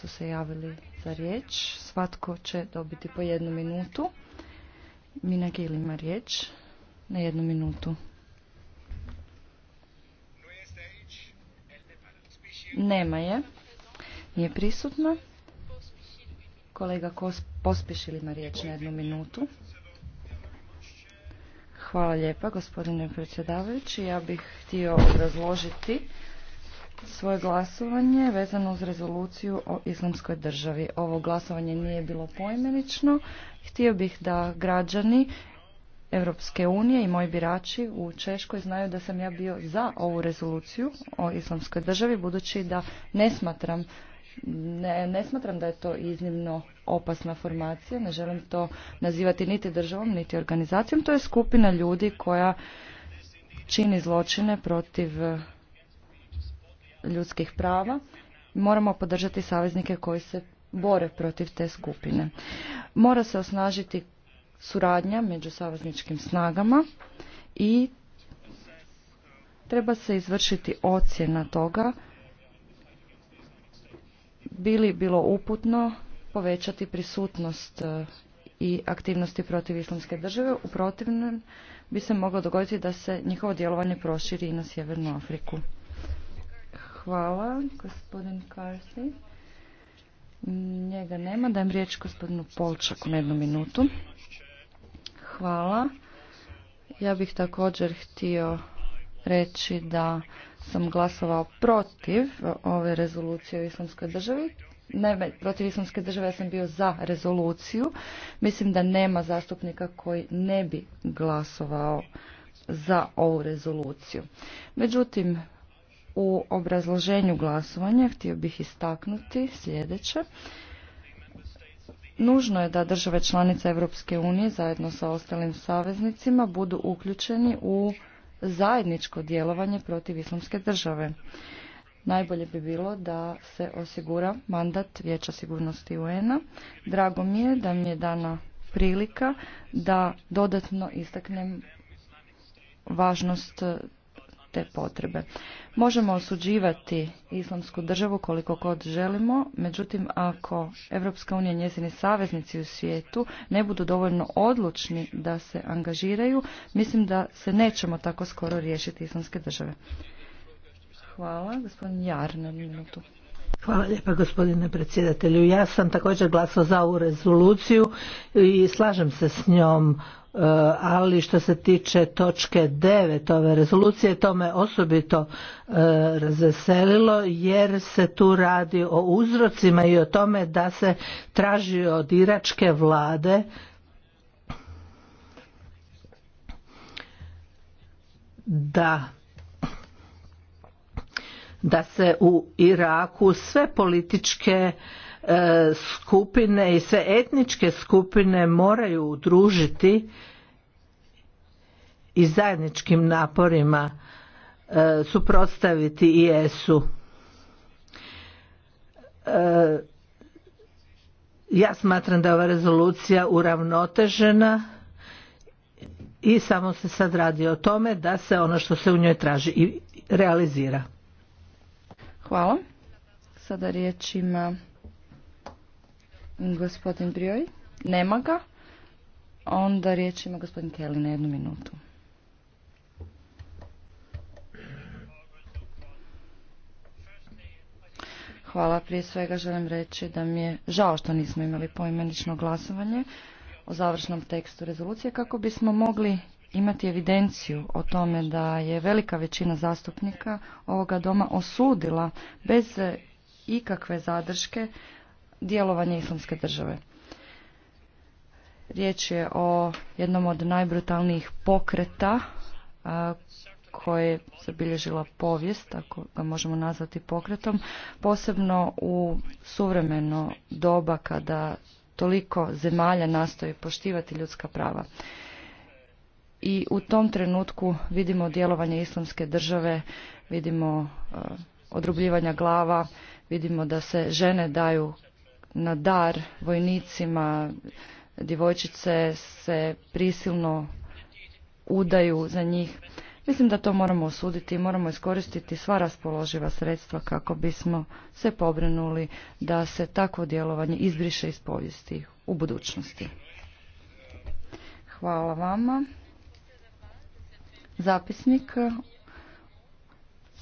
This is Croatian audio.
su se javili za riječ. Svatko će dobiti po jednu minutu. Mina Gil ima riječ na jednu minutu. Nema je. Nije prisutna. Kolega Kos li ima riječ na jednu minutu. Hvala lijepa, gospodine predsjedavajući. Ja bih htio razložiti svoje glasovanje vezano uz rezoluciju o islamskoj državi. Ovo glasovanje nije bilo poimenično. Htio bih da građani Europske unije i moji birači u Češkoj znaju da sam ja bio za ovu rezoluciju o islamskoj državi, budući da ne smatram ne smatram da je to iznimno opasna formacija, ne želim to nazivati niti državom, niti organizacijom. To je skupina ljudi koja čini zločine protiv ljudskih prava. Moramo podržati saveznike koji se bore protiv te skupine. Mora se osnažiti suradnja među savezničkim snagama i treba se izvršiti ocjena toga bili bilo uputno povećati prisutnost e, i aktivnosti protiv islamske države. U protivnom bi se moglo dogoditi da se njihovo djelovanje proširi i na Sjevernu Afriku. Hvala, gospodin Karsi. Njega nema, dajem riječ gospodinu Polčaku na jednu minutu. Hvala. Ja bih također htio reći da sam glasovao protiv ove rezolucije u islamskoj državi. Ne, protiv islamske države ja sam bio za rezoluciju. Mislim da nema zastupnika koji ne bi glasovao za ovu rezoluciju. Međutim, u obrazloženju glasovanja htio bih istaknuti sljedeće. Nužno je da države članice Europske unije zajedno sa ostalim saveznicima budu uključeni u zajedničko djelovanje protiv islamske države. Najbolje bi bilo da se osigura mandat Vijeća sigurnosti UN-a. Drago mi je da mi je dana prilika da dodatno istaknem važnost te potrebe. Možemo osuđivati islamsku državu koliko god želimo, međutim ako Europska unija njezini saveznici u svijetu ne budu dovoljno odlučni da se angažiraju, mislim da se nećemo tako skoro riješiti islamske države. Hvala, gospodin Jar minutu. Hvala lijepa gospodine predsjedatelju. Ja sam također glasao za ovu rezoluciju i slažem se s njom, e, ali što se tiče točke 9 ove rezolucije, to me osobito e, razveselilo jer se tu radi o uzrocima i o tome da se traži od iračke vlade da da se u Iraku sve političke e, skupine i sve etničke skupine moraju udružiti i zajedničkim naporima e, suprotstaviti IS-u. E, ja smatram da je ova rezolucija uravnotežena i samo se sad radi o tome da se ono što se u njoj traži i realizira. Hvala. Sada riječ ima gospodin Brioj. Nema ga. Onda riječ ima gospodin Kelly na jednu minutu. Hvala. Prije svega želim reći da mi je žao što nismo imali poimenično glasovanje o završnom tekstu rezolucije kako bismo mogli imati evidenciju o tome da je velika većina zastupnika ovoga doma osudila bez ikakve zadrške djelovanje islamske države. Riječ je o jednom od najbrutalnijih pokreta a, koje je zabilježila povijest, ako ga možemo nazvati pokretom, posebno u suvremeno doba kada toliko zemalja nastoji poštivati ljudska prava i u tom trenutku vidimo djelovanje islamske države, vidimo e, odrubljivanja glava, vidimo da se žene daju na dar vojnicima, djevojčice se prisilno udaju za njih. Mislim da to moramo osuditi i moramo iskoristiti sva raspoloživa sredstva kako bismo se pobrinuli da se takvo djelovanje izbriše iz povijesti u budućnosti. Hvala vama. Zapisnik